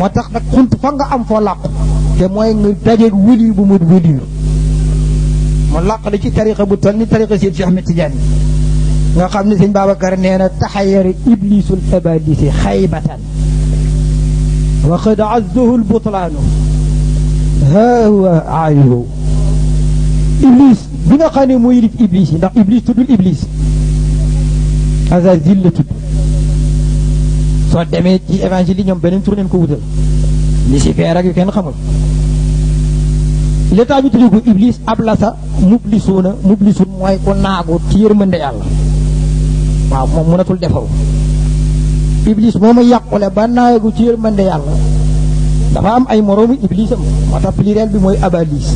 motax nak xunt fa nga am fo laq te moy nga dajé wuli bu mut wuli mo làq la ci tariqa bu tan ni tariqa Seydi Cheikh Ahmed Tidiane nga xamni ne sëñ Babacar nee na iblisul abadisi khaybatan wa qad azzahu lbutlaanu ha huwa aayuhu iblis bi nga xani moy mooy iblis ndax iblis tudul iblis azazil zil soo demee ci évangile yi ñoom beneen tur ko wutal Lucifer ak yu kenn xamul li tax ñu tudd ko iblis ablasa mublisuuna mublisun mooy ku naagu ci yërmande yàlla waaw moom mënatul defaw iblis moomu yàqule ba naagu ci yërmande yàlla dafa am ay moroomu iblisam moo tax pluriel bi mooy abalis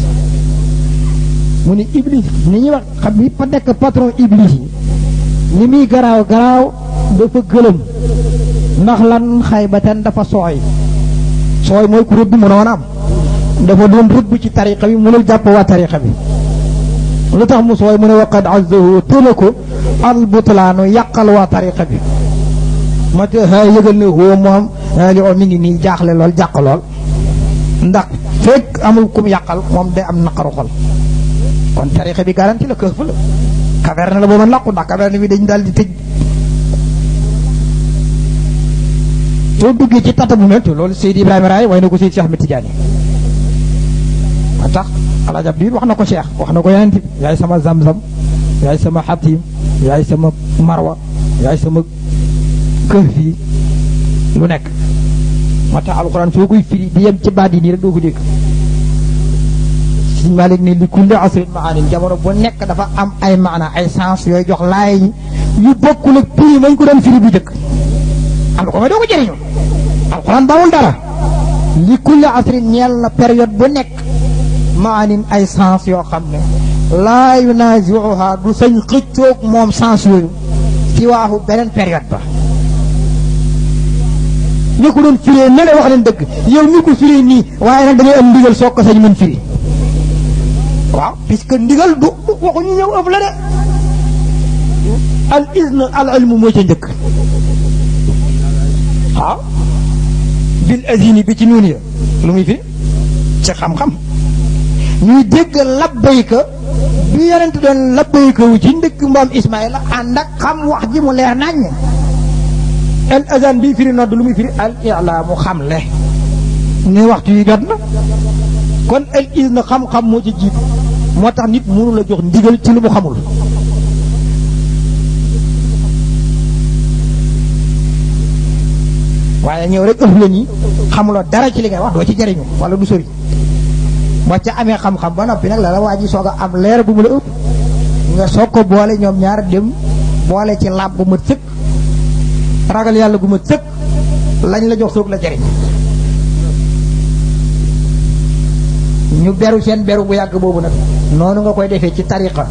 mu ni iblis ni ñuy wax xam nekk patron iblis yi ni muy garaaw garaaw dafa gëlëm ndax lan xaybatan dafa sooy sooy mooy ku rëbb mënoon am dafa doon rëbb ci tariqa bi mënul jàpp waa tariqa bi lu tax mu sooy mu ne waqad azzahu tëla ko albutlaanu yàqal waa tariqa bi ma te a yëgal ne woo moom li oo mi ngi nii jaaxle lool jàq lool ndax fekk amul kum yàqal moom day am naqaru xol kon tariqa bi garanti la këf la caverne la booba làqu ndax caverne bi dañ daal di tëj soo duggee ci tata bu mel te loolu Seydi Ibrahima Raay way na ko Seydi Cheikh Ahmed Tidiane tax alaaj wax na ko Cheikh wax na ko yaay sama zamzam yaay sama xatim yaay sama marwa yaay sama kër fii lu nekk moo tax alxuraan soo koy firi di yem ci baat yi nii rek doo ko dégg si Malik ne li kulli asrin maanin jamono bu nekk dafa am ay maana ay sens yooy jox laay yi yu bokkul ak prix mañ ko doon firi bu jëkk am doo ko jëriñoo alxuraan bawul dara li kulli asrin ñeel na période bu nekk maanin ay sens yoo xam ne laa yunaziuha du sañ xëccoog moom sens yooyu ci waaxu beneen période ba ñu ko doon firee na la wax leen dëgg yow ñu ko firee nii waaye nag dangay am ndigal soog ko sañ mën firi waaw puisque ndigal du waxuñu ñëw ëpp la de al izn al ilmu moo ca bil azini bi ci nuun ya lu muy fi ci xam-xam ñuy dégg labbayka bi yonent doon labbayka wu ci ndëkk mbaam Ismaïla ànd ak xam wax ji mu leer naññ al azan bi firi nodd lu muy firi al xam le ne waxtu yi jot na kon al izn xam-xam moo ci jiitu moo tax nit mënu la jox ndigal ci lu mu xamul waaye ñëw rek ëpp la ñi xamuloo dara ci li ngay wax doo ci jariñu wala du sori ba ca amee xam-xam ba noppi nag la la waa ji soog a am leer bu mu la ëpp nga soog ko boole ñoom ñaar dem boole ci làmp bu ma tëkk ragal yàlla gu ma tëkk lañ la jox soog la jariñ ñu beru seen beru bu yàgg boobu nag noonu nga koy defee ci tariqa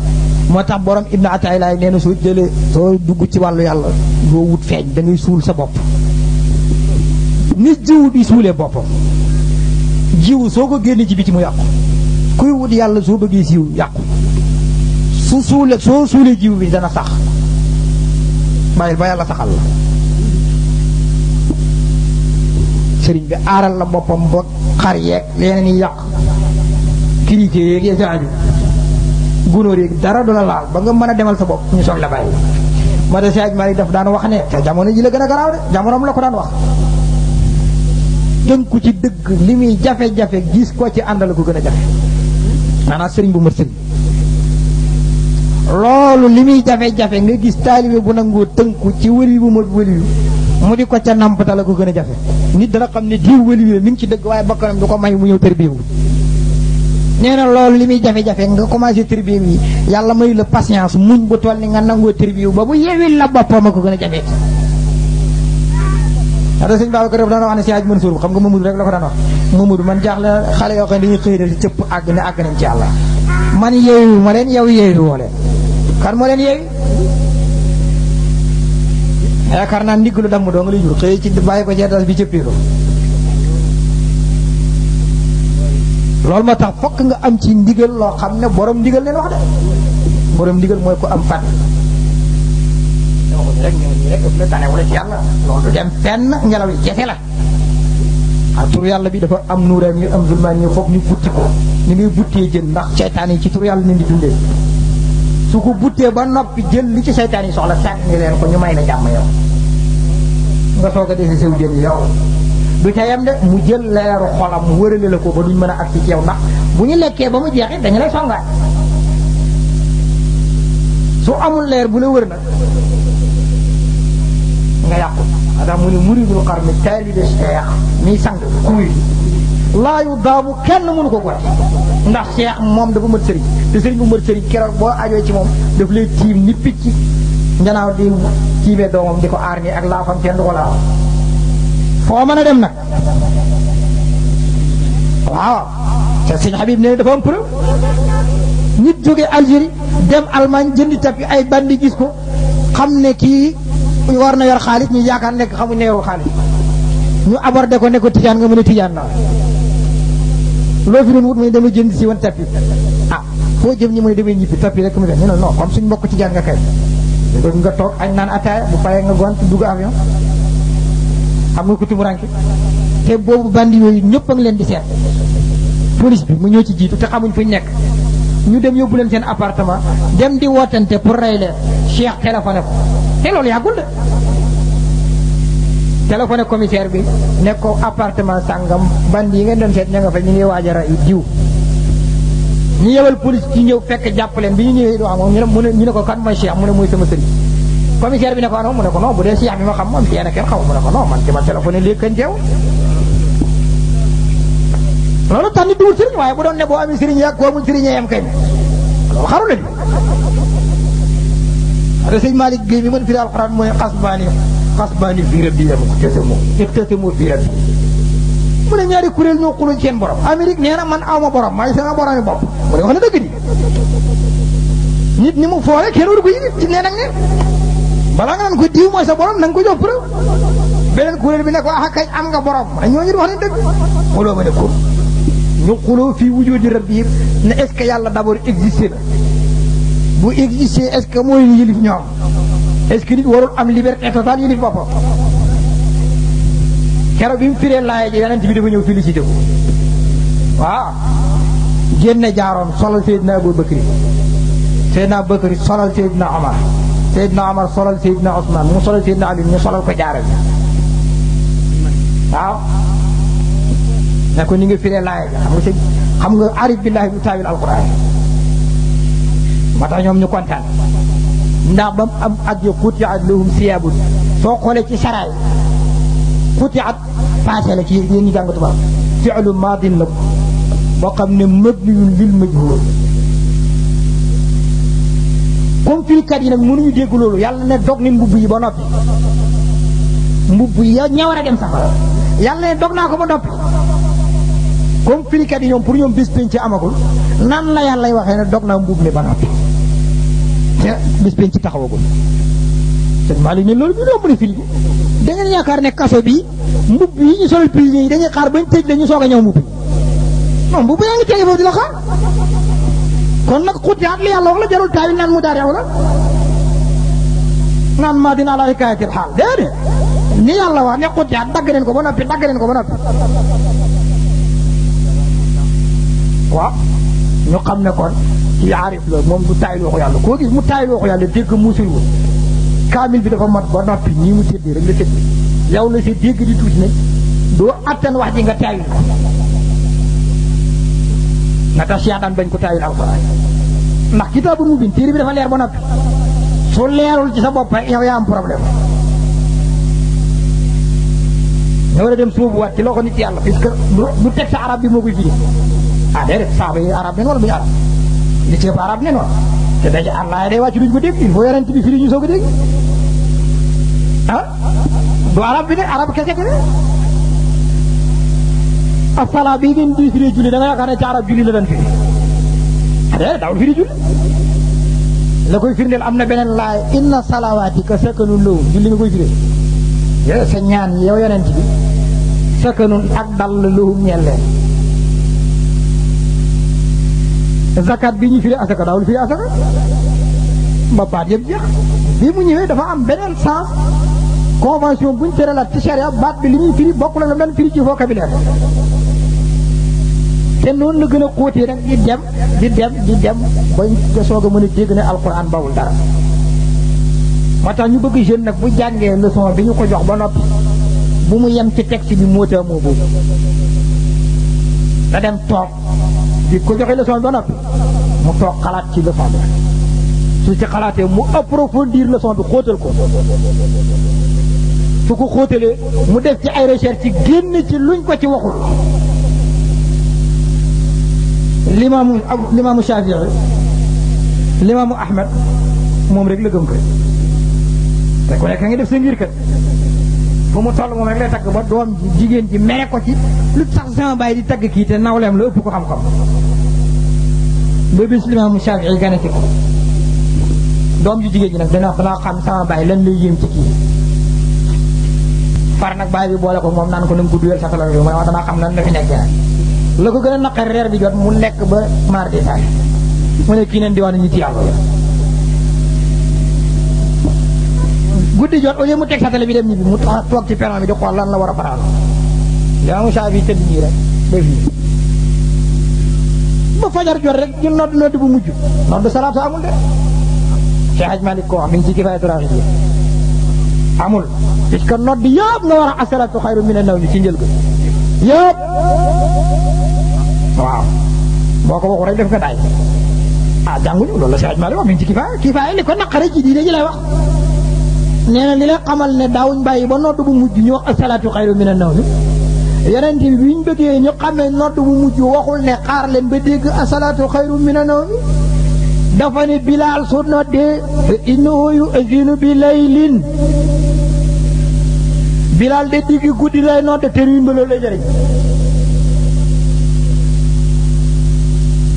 moo tax borom ibnu ataylaay nee na soo jëlee dugg ci wàllu yàlla doo wut feeñ da ngay suul sa bopp ni jiw bi suulee boppam jiw soo ko génnee ci biti mu yàqu kuy wut yàlla soo bëggee siiw yàqu su suule soo suulee jiw bi dana sax bàyyil ba yàlla saxal la sëriñ bi aaral la boppam ba xar yeeg yeneen yi yàq criquet yeeg ya caaju gunóor yeeg dara du la laal ba nga mën a demal sa bopp ñu soog la bàyyi ma da siaj mari daf daan wax ne te jamono ji la gën a garaaw de jamonoom la ko daan wax dënku ci dëgg li muy jafe-jafe gis ko ci àndal ko gën a jafe maanaam sëriñ bu mat sëriñ loolu li muy jafe-jafe nga gis taalibe bu nangoo tënku ci wëli bu mat wëli mu di ko ca nampatal la ko gën a jafe nit dana xam ne diw wëli mi ngi ci dëgg waaye bakkanam du ko may mu ñëw tërbiyewu nee na loolu li muy jafe-jafe nga commencé tërbiyewu yi yàlla mayu la patience muñ bu toll ni nga nangoo tërbiyewu ba bu yeewil la boppam a ko gën a jafe ndax sëñ Babacar daf daan wax ne si Hadj Mansour xam nga Mamadou rek la ko daan wax Mamadou man jaaxle xale yoo xam ne dañuy xëy dal ci cëpp àgg ne àgg nañ ci yàlla man yeewu ma leen yow yeewu woo leen kan moo leen yeewi yaakaar naa doo nga lay jur xëy ci bàyyi ko bi cëppiiru loolu moo tax fokk nga am ci ndigal loo xam ne borom ndigal leen wax de borom ndigal mooy ko am fànn rek ñëw ñii ci yàlla loolu du dem fenn ngelaw yi jafe la ah tur yàlla bi dafa am nuuram ñu am zulmaan ñu foog ñu butti ko ni muy buttee jën ndax seytaan yi ci tur yàlla ni di dundee su ko buttee ba noppi jël li ci seytaan yi soxla sànni leen ko ñu may la jàmm yow nga soog a dese sew jën yow du ca yem de mu jël leeru xolam wërale la ko ba duñ mën a agsi ci yow ndax bu ñu lekkee ba mu jeexit dañu lay songaat su amul leer bu la wër nag nga yàqu mu ne muridul xar mi taalibe cheikh miy sang kuuy laayu daabu kenn mënu ko gotti ndax cheikh moom dafa mën sëriñ te sëriñ bu mët sëriñ keroog boo ajoo ci moom daf lay tiim ni picc njanaaw di tiimee doomam di ko aar nii ak laafam kenn du ko laaw foo mën a dem nag waaw te sëñ Habib ne dafa am nit jóge Algérie dem Allemagne jëndi tapi ay bandi gis ko xam ne kii ñu war na yor xaalis ñu yaakaar nekk xamuñ ne yorul xaalis ñu abordé ko ne ko tijaan nga mën a tijaan la loo fi doon wut mu ne dama jënd si woon bi ah foo jëm ñi mu ne damay ñibbi tapis rek mu def ñu ne non comme suñ mbokk tijaan nga kay dëgg nga toog añ naan ataaya bu fayee nga gont dugg avion xam nga ko tumuranke te boobu bandi yooyu leen di seet police bi mu ñëw ci jiitu te xamuñ fuñ nekk ñu dem yóbbu leen seen appartement dem di wootante pour rey leen Cheikh téléphoné ko te loolu yàggul de téléphoné commissaire bi nekk ko appartement sàngam band yi ngeen doon seet ña fa ñu ngi waaj a rey diw ñu yewal police ci ñëw fekk jàpp bi ñu ñëwee du amoon ñu ne mu ne ñu ne ko kan mooy mu ne mooy sama sëriñ bi ne ko ah mu ne ko non bu dee Cheikh bi ma xam moom si yenn kenn xaw mu ne ko non man ci ma téléphoné léegi kan jeew loolu tax nit di wut waaye bu doon ne boo amee sëriñ yàgg koo amul sëriñ yam kay loolu xaru lañu ada sëñ Malick Guèye mi mën firi alxuraan mu ne xasbaani xasbaani fii rabbi yam ko tese moo tese moo fii rabbi mu ne ñaari kuréel ñoo xuluñ seen borom Amérique nee na man aw ma borom maay sama boromi bopp mu nit ni mu foore kenn waru ko yëg nga ko diw mooy borom na nga ko jox bi ne ah kay am nga borom ñoo ñu wax ne dëgg mu loo ma ne ko نقولوا في وجود ربهم ان اسك يالا دابور اكزيستينا بو اكزيستي اسك موي يليف نيو اسك نيت وورول ام ليبر اتوتال يليف بابا كيرو بيم فيري لاي دي يانتي بي دا نيو فيليسيتو وا جن جارون صلى سيدنا ابو بكر سيدنا ابو بكر صلى سيدنا عمر سيدنا عمر صلى سيدنا عثمان مو صلى سيدنا علي مو صلى كجارو واو ne ko ni nga firee laay nga xam nga si xam nga arif billaahi du taawil alquran moo tax ñoom ñu kontaan ndax ba mu am at ya xuuti at lahum siyaabun soo xoolee ci saraay xuuti at passé la ci yéen ñu jàng tubaab fi'lu maadin la boo xam ne mabniyun lil majhuul comme fikat yi nag mënuñu dégg loolu yàlla ne dog ni mbubb yi ba noppi mbubb yi ña war a yàlla ne dog naa ko ba noppi kom firikat kadi ñom pour ñom bis penc amagul nan la yalla lay waxe ne dog na mbub ne ba noppi ya bis penc taxawagul sen mali ne loolu bi romb ne firi da ngeen yaakar ne kaso bi mbub yi ñu solal prisonnier yi dañuy xaar bañ tej la soga soog mbub non mbubb yaa ngi tege bo di la xaar kon nag xutiyaat li yalla wax la jarul tawi nan mu daar yow la naan maa dina la hikayatil xaal déedéet ni yalla wax ne xutiyaat dagg neen ko ba nopi dag ko ba nopi waaw ñu xam ne kon ci aarif la moom du taay looxu yàlla koo gis mu taay looxu yàlla dégg muusul wul kaamil bi dafa mat ba noppi ñii mu tëddee rek la tëdd yow la sa dégg di tuuti nag doo attan wax ji nga taayul ko nga tax siyaataan bañ ko taayul alxuraan ndax kitaabul mubin téere bi dafa leer ba noppi su leerul ci sa bopp yow yaa am problème nga war a dem sóobuwaat ci loxo nit yàlla parce que du texte arab bi moo koy firi ah déedéet saaba yi arab nen wala duñu arab li ci ëpp arab nen wala te daje àllaay day wàcc duñ ko dégg il faut yonent bi firi ñu soog a ah du arab bi de arab kese kese asala bi ngeen di firi julli da nga ci arab julli la daan firi ah, déedéet daawul firi julli koy firndeel am na beneen laay inna salawaatika sakanun lahu julli nga koy firé yow sa ñaan yow yonent bi sakanun ak dal lahum ñeel leen zakat bi ñu firi asaka daawul firi asaka ba baat yëpp jeex bii mu ñëwee dafa am beneen sens convention buñ tëralaat ci charia baat bi li ñuy firi bokk la la daan firi ci vocabulaire te noonu la gën a xóotee rek di dem di dem di dem bañ nga soog a mën a dégg ne bawul dara moo tax ñu bëgg jeune nag bu jàngee leçon bi ñu ko jox ba noppi bu mu yem ci texte bi moo moo boobu da dem toog di ko joxe leçon ba noppi mu toog xalaat ci leçon bi su ci xalaatee mu approfondir leçon bi xóotal ko su ko xóotalee mu def ci ay recherche ci génn ci luñ ko ci waxul limaamu limaamu Shafii limaamu Ahmed moom rek la gëm ko te ku nekk def sa ngir ba mu toll moom rek lay tagg ba doom ji jigéen ji mere ko ci lu tax sama baay di tagg kii te nawleem la ëpp ko xam-xam ba bis limaamu Shaafi'i gane ci ko doom ju jigéen ji nag dana danaa xam sama baay lan lay yéem ci kii far nag baay bi boole ko moom naan ko na mu ko duyal sa talal bi mooy wax damaa xam lan la fi nekkee nag la ko gën a naqar reer bi jot mu lekk ba mardi saay mu ne kii neen di wax ne nit yàlla la guddi jot au lieu mu teg sa télé bi dem ñibbi mu toog ci peron di xool lan la war a faraal yaa mu saafi tëdd nii rek ba fii ba fajar jot rek ñu nodd nodd bu mujj nodd salaatu amul de Cheikh Hadj ko wax mi ngi nodd yëpp nga war a asalaatu xayru mina naw mi ci njël ko yëpp waaw boo ko waxu rek def nga daay ah jànguñu loolu la Cheikh Hadj Malick wax ci kifaaya kifaaya li ko naqare ci diine ji lay wax nee na li xamal ne daawuñ bàyyi ba nodd bu mujj ñu wax asalaatu xayru mina nawmi yonent bi bi ñu bëggee ñu xamee nodd bu mujj waxul ne xaar leen ba dégg asalaatu xayru mina nawmi dafa ne bilaal su noddee innahu yu'zinu bi laylin bilaal de digg guddi lay nodde te riñ ba loolu lay jëriñ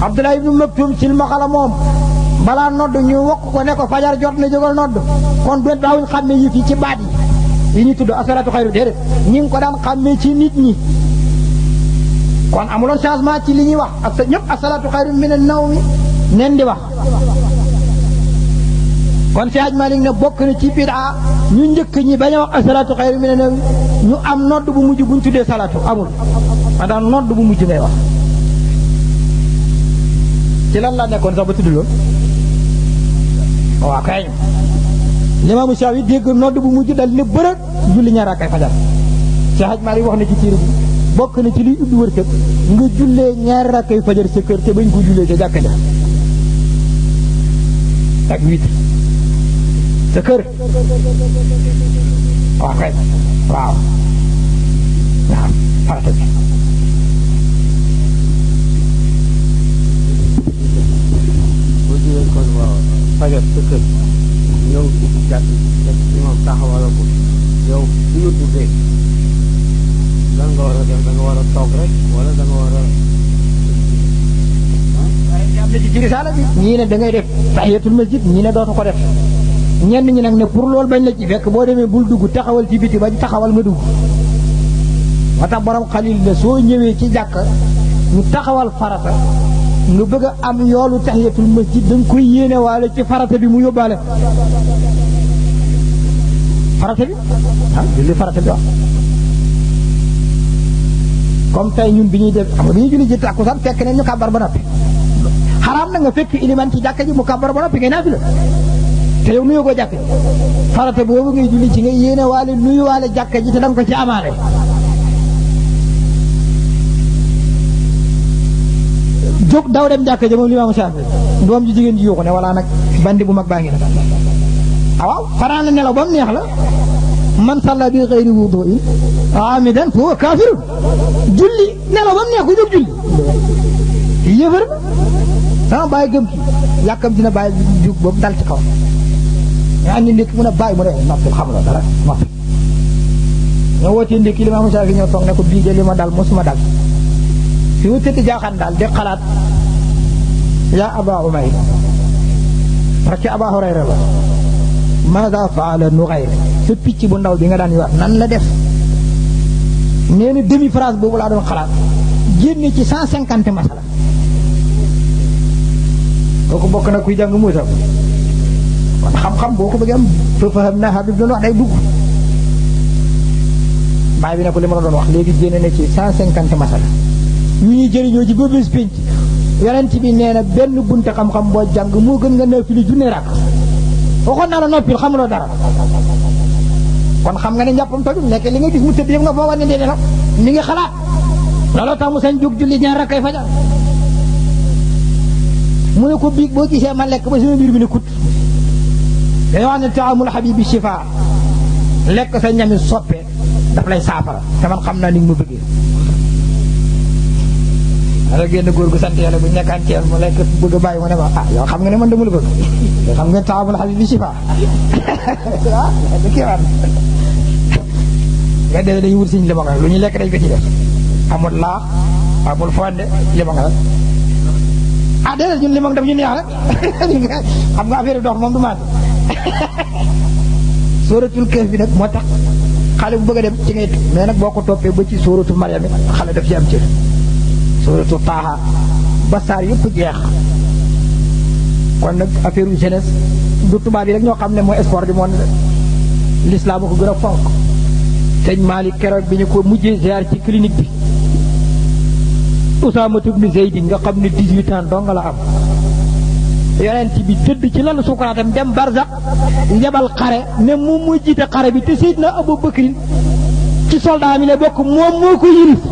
abdullah ibnu maktum moom balaa nodd ñu wokk ko ne ko fajar jot na jógal nodd kon du daawuñ xàmme yi ci baat yi yi ñu tudd a asalaatu xayru déedéet ñi ngi ko daan xàmme ci nit ñi kon amuloon changement ci li ñuy wax ak sa ñëpp asalaatu xayru mina nawmi nen di wax kon si Hadj Malick ne bokk na ci bidaa ñu njëkk ñi bañ a wax asalaatu xayru mina nawmi ñu am nodd bu mujj buñ tuddee salaatu amul maanaam nodd bu mujj ngay wax ci lan laa nekkoon sax ba tudd loolu waaw kay limaamu Shaafi dégg nodd bu mujj dal ne bërëg julli ñaar rakkay fajar ci xaj maari wax na ci tiir bi bokk na ci liy ubbi wërsëg nga jullee ñaar rakkay fajar sa kër te bañ ko jullee ca jàkk ja ak witre sa kër waaw kay waaw waaw farata bi fajar sa kër ñëw taxawala ko yow su ñu war a def da toog rek wala da nga bi ñii ne da ngay def tahiyatul masjid ñii ne dootu ko def ñenn ñi nag ne pour loolu bañ la ci fekk boo demee bul dugg taxawal ci biti bañ taxawal nga dugg moo tax borom xalil la soo ñëwee ci jàkk ñu taxawal farata nga bëgg a am yoolu tahiyatul masjid da nga koy yéene waale ci farata bi mu yóbbaale farata bi ah julli farata bi wax comme tey ñun bi ñuy def xam nga bi ñuy julli ji tàkkusaan fekk ne ñu kàbbar ba noppi xaraam na nga fekk iliman ci jàkka ji mu kàbbar ba noppi ngay naafi la te yow nuyoo ko jàkka ji farata boobu ngay julli ci nga yéene waale nuyu waale jàkka ji te da ko ci amaale jóg daw dem jàkka ja moom limaamu Saafi doom ji jigéen ji yuuxu ne walla nag bandi bu mag baa ngi na awaaw ah xanaa la nelaw ba mu neex la man salla bi xëyri wudu in amidan fa huwa kaafirun julli nelaw ba mu neex ku jóg julli yëfër sama ah bàyyi gëm ki yàkkam dina bàyyi jóg ba dal ci kaw yaa ngi ndékki mun a bàyyi mu ne noppi xamuloo dara noppi ñoo wootee ndékki limaamu Saafi ñoo toog ne ko bii de li ma dal mosuma dal yow tëdd jaaxaan daal di xalaat yaa aba umay rakki aba hurayra la maada faala nuxayr sa picc bu ndaw bi nga daan yor nan la def nee na demi phrase boobu laa doon xalaat génne ci cent cinquante masala kooku bokk na kuy jàng muusam kon xam-xam boo ko bëggee am fa faham naa Habib doon wax day dugg baay bi ne ko li ma la doon wax léegi génne na ci cent cinquante masala ñu ñuy jëriñoo ji ba bés pénc yonent bi nee na benn bunte xam-xam boo jàng moo gën nga naafila junne rakk waxoon naa la noppil xamuloo dara kon xam nga ne njàppam tojul nekk li nga gis mu tëdd yëpp nga fooga ne dee nelaw mi ngi xalaat looloo tax mu sañ jóg julli ñaar rakkay fajar mu ne ko biig boo gisee ma lekk ba sama biir bi ne kut dañu wax ne taamul xabibi shifa lekk sa ñami soppe daf lay saafara te man xam naa ni nga ma bëggee dafa génn gu sant bu nekkaan Thiès mu a bàyyi mu ne ma ah yow xam nga ne man dama la bëgg yow xam nga taabul xabib si fa ah kii waat lu ñu lekk dañ ko ci def amul laax amul fonde limonga rek ah déedéet ñun limong daf ñu neex rek xam nga affaire bi dox moom du maat sóoratul këf bi nag moo tax xale bu bëgg dem ci ngay mais nag boo ko toppee ba ci sóoratul mariam xale daf ci am cër suratu taaha ba saar yëpp kon nag affaire u jeunesse du tubaab yi rek ñoo xam ne mooy sport du monde l'islam ko gën a fonk sëñ Malick keroog bi ñu ko mujjee ziar ci clinique bi Usaamatu ibnu Zeydin nga xam ne 18 ans dong la am yonent bi tëdd ci lan sukuraatam dem barzak yebal xare ne moom mooy jiite xare bi te Seydina Abu Bakrin ci soldat mi la bokk moom moo ko yirif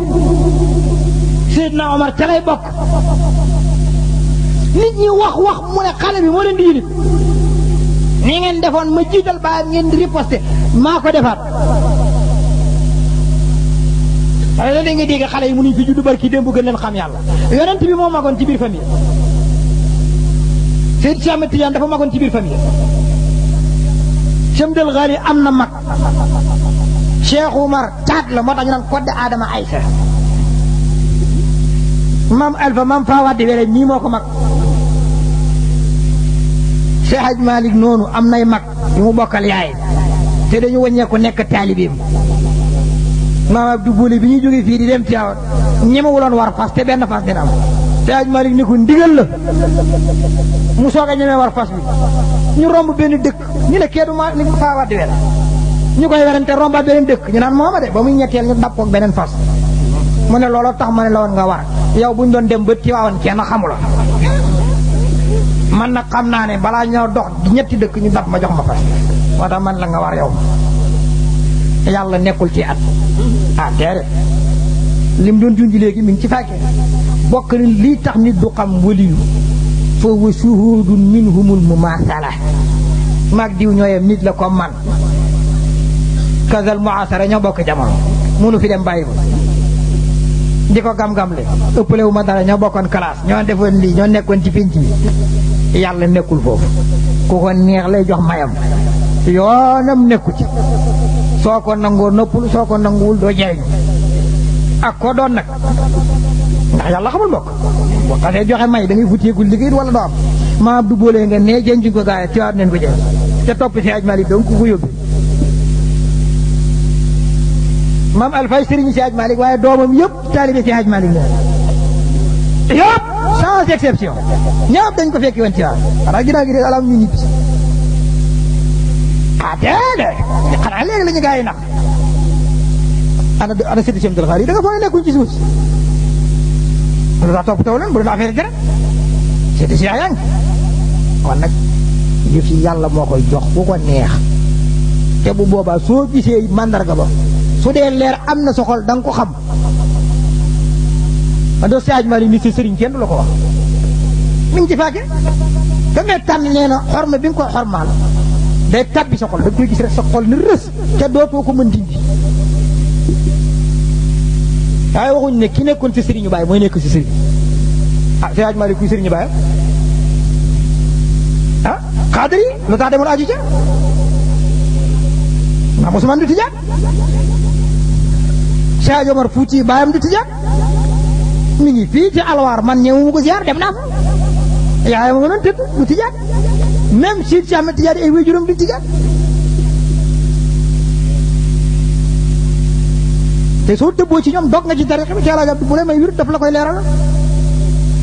sayyidina umar ci lay bok nit ñi wax wax mu ne xale bi mo leen di yilif ni ngeen defoon ma jiital baayam ngeen di riposte maa ko defaat waaye la nga dégg xale yi mu ñu fi juddu barki démb gën leen xam yàlla yonent bi moo magoon ci biir famille Seyd ci amati yaan dafa magoon ci biir famille Cheikh Del Ghali amna mak Cheikh Oumar tat la moo tax ñu naan Adama aisha maam Alpha maam Faa Wade wele nii moo ko mag Cheikh Hadj noonu am nay mag yu mu bokkal yaay te dañu wàññeeku nekk taalibeem maam du Bouli bi ñu jógee fii di dem Tiwaawan ñemewuloon war fas te benn fas dina am Cheikh Hadj Malick ni ko ndigal la mu soog a ñemee war fas bi ñu romb benn dëkk ñu ne kee du ma ni Faa Wade wele ñu koy werante rombaat beneen dëkk ñu naan mooma de ba muy ñetteel ñu dab koog beneen fas mu ne looloo tax ma ne la woon nga war yow bu ñu doon dem ba Tiwaawan kenn xamula man nag xam naa ne balaa ñoo dox ñetti dëkk ñu dab ma jox ma fa moo tax man la nga war yow ma yàlla nekkul ci at ah déedéet lim doon junj léegi mi ngi ci fàkke bokk ni lii tax nit du xam waliyu fa wa shuhudun minhumul mumaasala maag diw ñooyam nit la comme man kasal muasara ñoo bokk jamono mënu fi dem bàyyi ko di ko gam-gamle ëppale wu ma dara ñoo bokkoon classe ñoo defoon lii ñoo nekkoon ci pinc bi yàlla nekkul foofu ku ko neex lay jox mayam yoonam nekku ci soo ko nangoo noppul soo ko nanguwul doo jariñ ak koo doon nag ndax yàlla xamul mbokk boo xasee joxe may da ngay futteeku liggéey wala doo am maa du boolee nga nee jenjuñ ko gaay tiwaat neen ko jël te topp si ajmali donc ku ko yóbbi mam Alfay serigne ci Hadj malik waye domam yeb talibé ci Hadj malik la sans exception ñëpp dañ ko fekki woon ci waaw xanaa ginnaaw gi de alaam ñu ñibbi ah déedéet xanaa léegi la ñu gars yi ana ana sidi cheikh Abdul Xaari da nga fa ne ci suus si lu tax toppatoo bu doon affaire dara sëriñ ci yaa kon nak yëf yi yalla mo koy jox bu ko neex te bu boba so gisee mandarga ba su dee leer am na sa danga da nga ko xam ando Sadio Malick ni si sëriñ kenn du la ko wax mi ngi ci fàgge ka ngay tànn nee na xorma bi nga koy xormaal day tàbbi sa xol da nga koy gis rek sa ni rës te dootoo ko mën dindi waaye waxuñ ne ki nekkoon ci sëriñu baay mooy nekk ci sëriñ ah Sadio Malick kuy sëriñu baay ah xaadar yi tax demul aju ca Maam Ousmane du tijaan Cheikh Omar Fouti baayam du tijaan mi ngi fii ci alwaar man ñëwuma ko ziar dem naa fa yaayam nga doon tëdd du tijaan même si ci am tijaan ay wéjuram du tijaan te soo dëbboo ci ñoom dog nga ci tarixa bi ci àlaaji Abdu bu lay may wir daf la koy leeral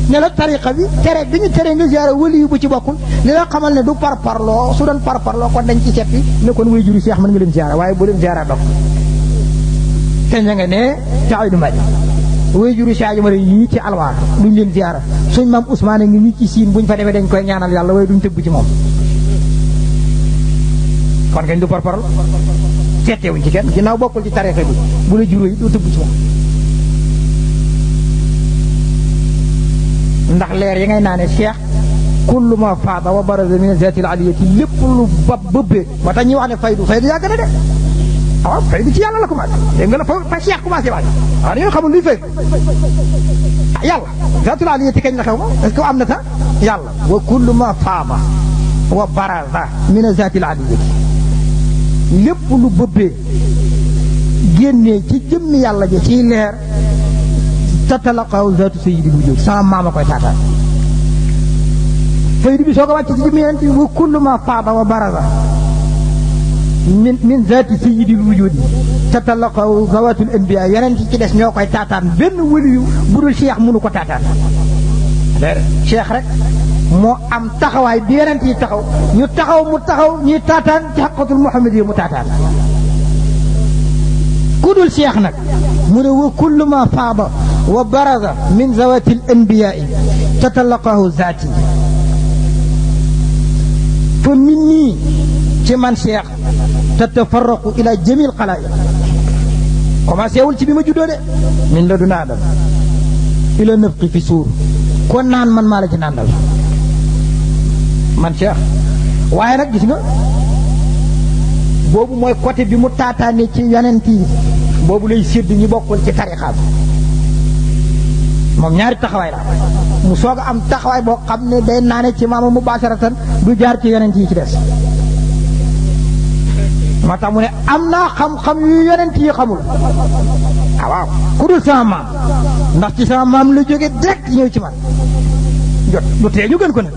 ne la tariqa bi tere bi ñu tere nga ziyaara wali yu bu ci bokkul li la xamal ne du parparloo su doon parparloo kon dañ ci seppi ne kon way juri seex mën nga leen ziyaara waaye bu leen ziyaara dog te ña nga ne caay du maj way juri Saaji Mari yii ci alwaar duñ leen ziyaara suñ maam Ousmane ngi nii ci siin buñ fa demee dañ koy ñaanal yàlla waaye duñ tëbb ci moom kon gañ du parparloo seetewuñ ci kenn ginnaaw bokkul ci tariqa bi bu la juró yi doo tëbb ci moom ndax leer yi ngay naane cheikh kullu ma faada wa baraza min zati al aliyati lépp lu bab bebe ba tan ñi wax ne faydu faydu yàgg na de waaw faydu ci yàlla la ko ma de nga la fa cheikh commencé wax waaw ñu xamul luy fay yàlla zati al aliyati kañ la xew ma est ce que amna ta yàlla wa kullu ma faada wa baraza min zati al aliyati lépp lu bebe genné ci jëm yàlla ji ci leer tatalaqaw zatu sayyidil wujud sama mama koy tatal sayyid bi soko wacc ci jimiyanti wa kullu ma fada wa baraza min min zati sayyidil wujud tatalaqaw zawatul anbiya yenen ci dess ñokoy tatan ben waliyu budul cheikh munu ko tatan leer cheikh rek mo am taxaway bi yenen ci taxaw ñu taxaw mu taxaw ñi tatan ci haqqatul muhammadiyya mu tatan kudul cheikh nak mu ne wa kullu ma fada وبرز من ذوات الأنبياء تتلقاه ذاتي فمني كمان شيخ تتفرق إلى جميع القلائق كما سيقول تبي مجدود من لدن آدم إلى نبق في سور كنان من مالك نانل man cheikh waye nak gis nga bobu moy côté bi mu tata ne ci yanenti bobu lay sedd ñi bokkon ci tariqa moom ñaari taxawaay la mu soog a am taxawaay boo xam ne day naane ci maama mu baasaratan du jaar ci yonent yi ci des moo tax mu ne am naa xam-xam yu yonent yi xamul ah ku dul sama ndax ci sama maam lu jóge direct ñëw ci man jot lu tee ñu gën ko nag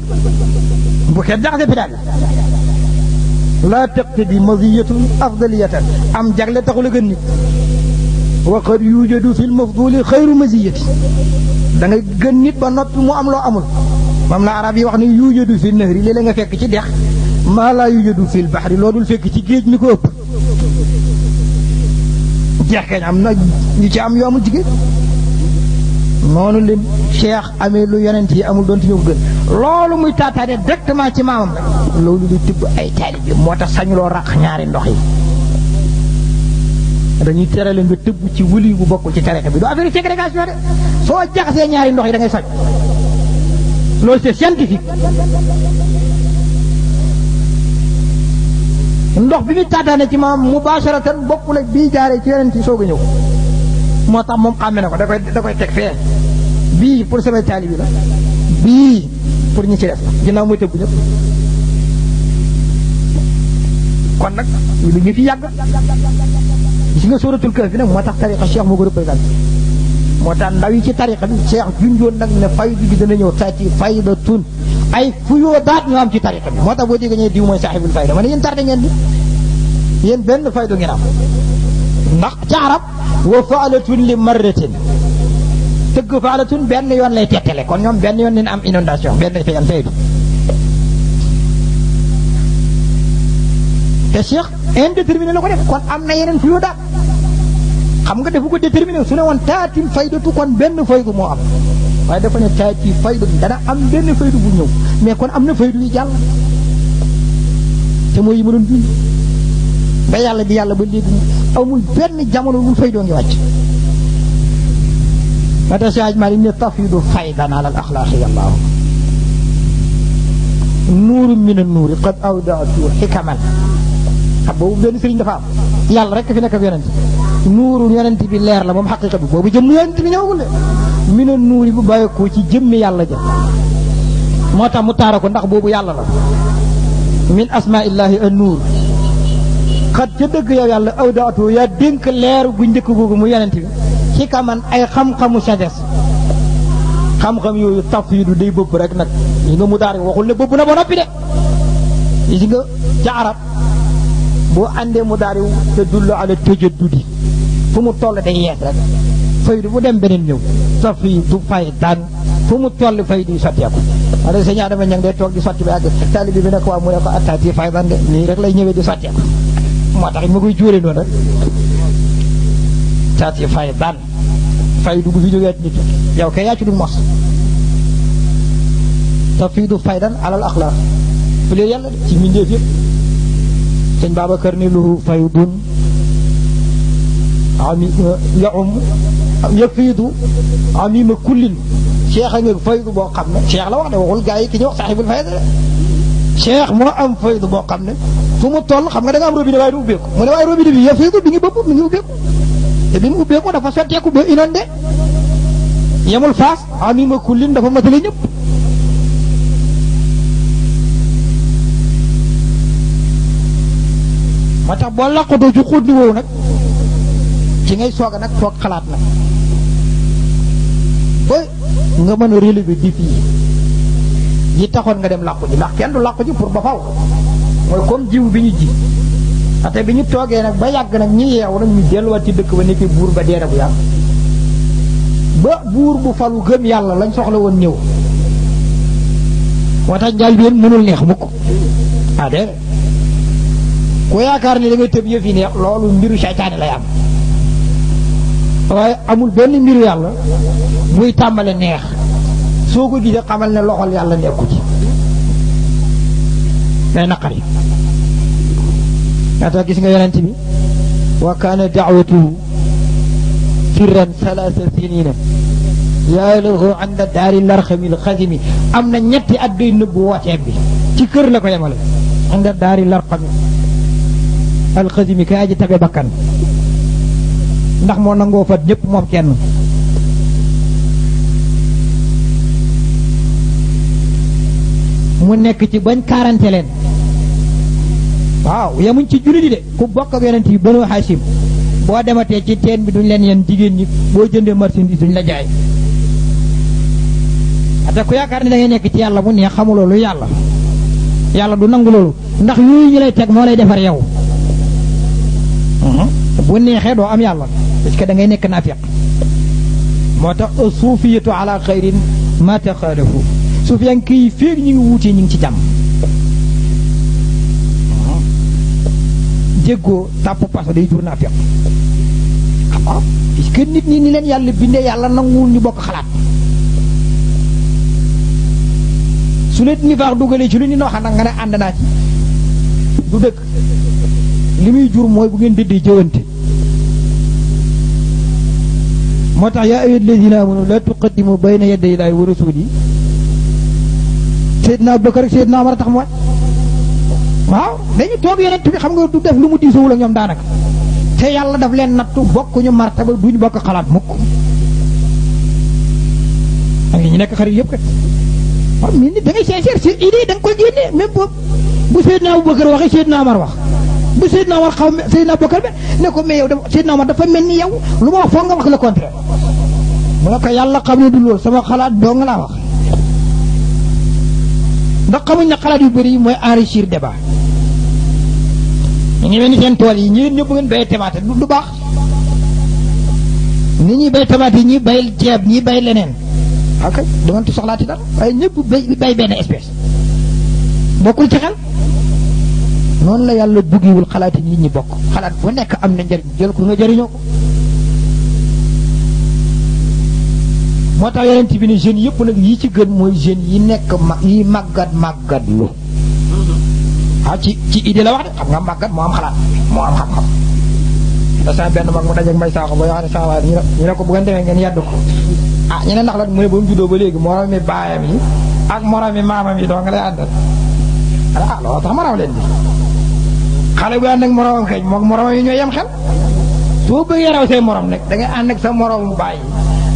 bu kenn jaxase bidaat yi laa tëqti bi maziyatun afdaliyatan am jagle taxul a gën nit وقد يوجد في المفضول خير مزية دا ngay گن نيت با نوبي مو ام لو امول مام لا عربي واخني يوجد في النهر لي لاغا فك سي ديخ ما لا يوجد في البحر لودول فك سي گيج نيكو اوب ديخ كان امنا ني تي ام يوم جيگي نونو لي شيخ امي لو يوننتي امول دونتي نيو گن لولو موي تاتاري ديكتما سي مامام لولو دي تيب اي تاليب موتا ساني لو راخ نياري ndokh yi dañuy terale nga tebb ci wuli bu bokku ci tarixa bi do affaire ségrégation de so jaxé ñaari ndox yi da ngay sax loolu c'est scientifique ndox bi mi tataane ci maam mubasharatan bokku ak bi jaaré ci yonent ci a ñew moo tax moom xàmme da koy da koy tek fé bi pour sama talib la bi pour ñi ci def ginnaaw muy tëbb ñep kon nak lu ñi fi yagg gis nga sóoratul kahf bi moo tax tariqa cheikh moo ko tax ndaw yi ci tariqa bi cheikh junjoon nag ne faydu bi dana ñëw saa ci faydatun ay fuyoo daat ñoo am ci tariqa bi moo tax boo déggee ñee diw mooy saaxibul fayda ma ne yéen tardé ngeen di yéen benn faydu ngeen ndax ca arab wa faalatun li marratin tëgg faalatun benn yoon lay tettale kon ñoom benn yoon leen am inondation benn fay am faydu te cheikh indéterminé la ko def kon am na yeneen fu daal daat xam nga dafa ko déterminé su ne woon taatil faydatu kon benn faydu moo am waaye dafa ne taati faydu dana am benn faydu bu ñëw mais kon am na faydu yu jàll te mooy yi ma doon dund ba yàlla bi yàlla ba léegi amul benn jamono lu faydoo ngi wàcc mata si ajmal yi ne tafidu faydan ala al yallaahu nuuru min an nuuri qad awdaatu xikaman xam boobu benn sëriñ dafa am yàlla rek fi nekk ak yonent nuurul yonent bi leer la moom xaqiqa bi boobu jëmm yonent bi ñëwagul de mi ne nuur yi bu bàyyeekoo ci jëmmi yàlla ja moo tax mu taara ko ndax boobu yàlla la min asmaillaahi an nuur xat ca dëgg yow yàlla awdaatu yaa dénk leer gu njëkk googu mu yonent bi ci kaman ay xam-xamu sagesse xam-xam yooyu taf yi du day bëbb rek nag yi nga mu daar waxul ne bëbb na ba noppi de yi nga ca boo àndee mu daari te dullu ala fu mu toll day yees rek faydu bu dem beneen ñëw tafiidu faydan fu mu toll faydu yu sotteeku wala sëñ Adama ña ngi day toog di sotti ba yàgg taalibi bi ne ko waa mu ne ko attaati faydan de nii rek lay ñëwee di sotteeku moo tax ma koy jóore noonu rek taati faydan faydu bu fi jógeet nit yow kay yaa ci dul mos tafiidu faydan alal axlaaq fu lee yàlla ci mbindeef yëpp sëñ Babacar ni lu faydun ami euh, ya um yafiidu amima kullin cheikh a nga faydu boo xam ne cheikh la wax de waxul gaa yi ki ñu wax saaxibul fayda cheikh moo am faydu boo xam ne fu mu toll xam nga da nga am robinet waaye du ubbeeku mu ne waaye robinet bi yafiidu bi ngi bëpp mi ngi ubbeeku te bi mu ubbeeku dafa sotteeku ba inondé yemul faas amima kullin dafa matale ñëpp moo tax boo làqutoo ci xóot ni woowu nag ci ngay soog a nag foog xalaat nag ba nga mën a relever défi yi yi taxoon nga dem làqu ji ndax kenn du làqu ji pour ba faw mooy comme jiw bi ñu ji ate bi ñu toogee nag ba yàgg nag ñi yeew nag ñu delluwaat ci dëkk ba nekk buur ba deere bu yàgg ba buur bu falu gën yàlla lañ soxla woon ñëw woo tax njaal bi mënul neex mukk ah déedéet ku yaakaar ne da nga tëb neex loolu mbiru seytaane lay am waaye amul benn mbiru yàlla muy tàmbale neex soo ko gisee xamal ne loxol yàlla nekku ci day naqari yaa tax gis nga yonent bi wa kaana daawatuhu firran salaasa sinina yaa lahu ànda am na ñetti at day nëbbu bi ci kër la ko yemale ànda daari larxami al khadimi kay aji tagay bakkan ndax mo nango fat ñëpp mom kenn mu nekk ci bañ yang len waaw yamuñ ci julli de ku bokk ak yonent banu hashim bo demate ci teen bi duñ len yeen digeen ñi boo jëndee marchandise duñ la jaay ata ku yaakar ni da ngay nekk ci yalla mu ne xamul lu yalla yalla du ndax yoy ñu lay tek mo lay defar yow bu neexee doo am yàlla parce que da ngay nekk naafiq moo tax suufiyatu ala xayrin ma taxaalafu suufiyanke yi féeg ñu ngi wuutee ñu ci jàmm jéggoo tàpp paso day jur naafiq ah parce nit ñi ni leen yàlla bindee yàlla nanguwul ñu bokk xalaat su leen nifaax dugalee ci lu ñu nooxam nag nga ne ànd naa ci du dëkk li muy jur mooy bu ngeen dëddee jëwante motax ya ayyuhal ladina amanu la tuqaddimu bayna yaday illahi wa rasuli sayyidina bakar sayyidina umar tax moy waaw dañu toob yonent tubi xam nga du def lu mu diisawul ak ñom danaka te yalla daf len nattu bokku ñu martaba duñu bokk xalaat mukk ak ñi nek xari yeb kat wa min ni da ngay sincere ci idée da nga ko génne même boobu bu sayyidina abubakar waxe sayyidina amar wax bu sayyidina umar xaw sayyidina abubakar be ne ko me yow sayyidina umar dafa melni yow lu ma wax fo nga wax le contraire mu ko yàlla xam ne du loolu sama xalaat doo nga laa wax ndax xamuñ ne xalaat yu bëri mooy enrichir débat ñu ngi mel ni seen tool yi ñi ñëpp ngeen bay tamaate du baax ni ñuy bay tamaate ñi bay ceeb ñi bay leneen ok ah da ngeen tu soxlaati dara waaye ñëpp bay bay benn espèce bokkul ci xel noonu la yàlla buggiwul xalaati nit ñi bokk xalaat bu nekk am na njëriñ jël ko nga jëriñoo ko moo tax yonent bi ne jeunes yëpp nag yi ci gën mooy jeunes yi nekk ma yi màggat màggat lu waaw ci ci idée la wax de xam nga màggat moo am xalaat moo am xam-xam da sa benn mag mu dajeeg may saako ba yoo xam ne sax waaye ñu ne bu ngeen demee ngeen yàddu ko ah ñu ne ndax lan mu ba léegi moroom mi baayam yi ak moroom mi maamam doo nga lay àndal ah, tax ma raw leen bi xale bu ànd ak moroomam xeeñ moom moroomam yi ñooy yem xel soo bëggee raw say morom nag da ngay ànd sa moroom baay bàyyi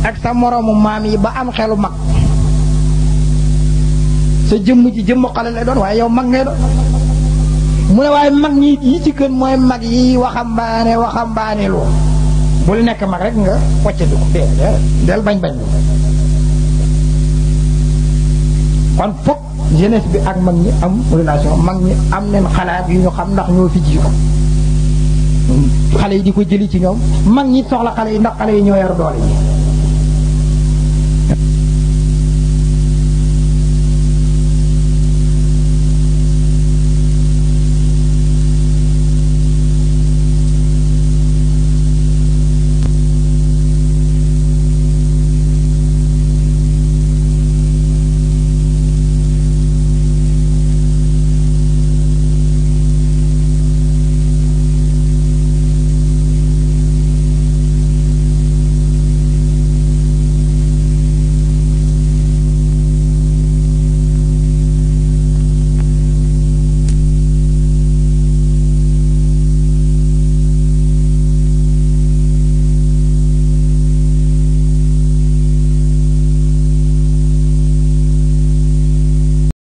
ak sa moroomu maam yi ba am xelu mag sa jëmm ji jëmm xale la doon waaye yow mag ngay doon mu ne waaye mag ñi yi ci gën mooy mag yi waxambaane waxambaane lu bul nekk mag rek nga wacce di ko dee del bañ bañ kon fokk jeunesse bi ak mag ñi am relation mag ñi am nañ xalaat yu ñu xam ndax ñoo fi xale yi di ko jëli ci ñoom mag ñi soxla xale yi ndax xale yi ñoo yar doole yi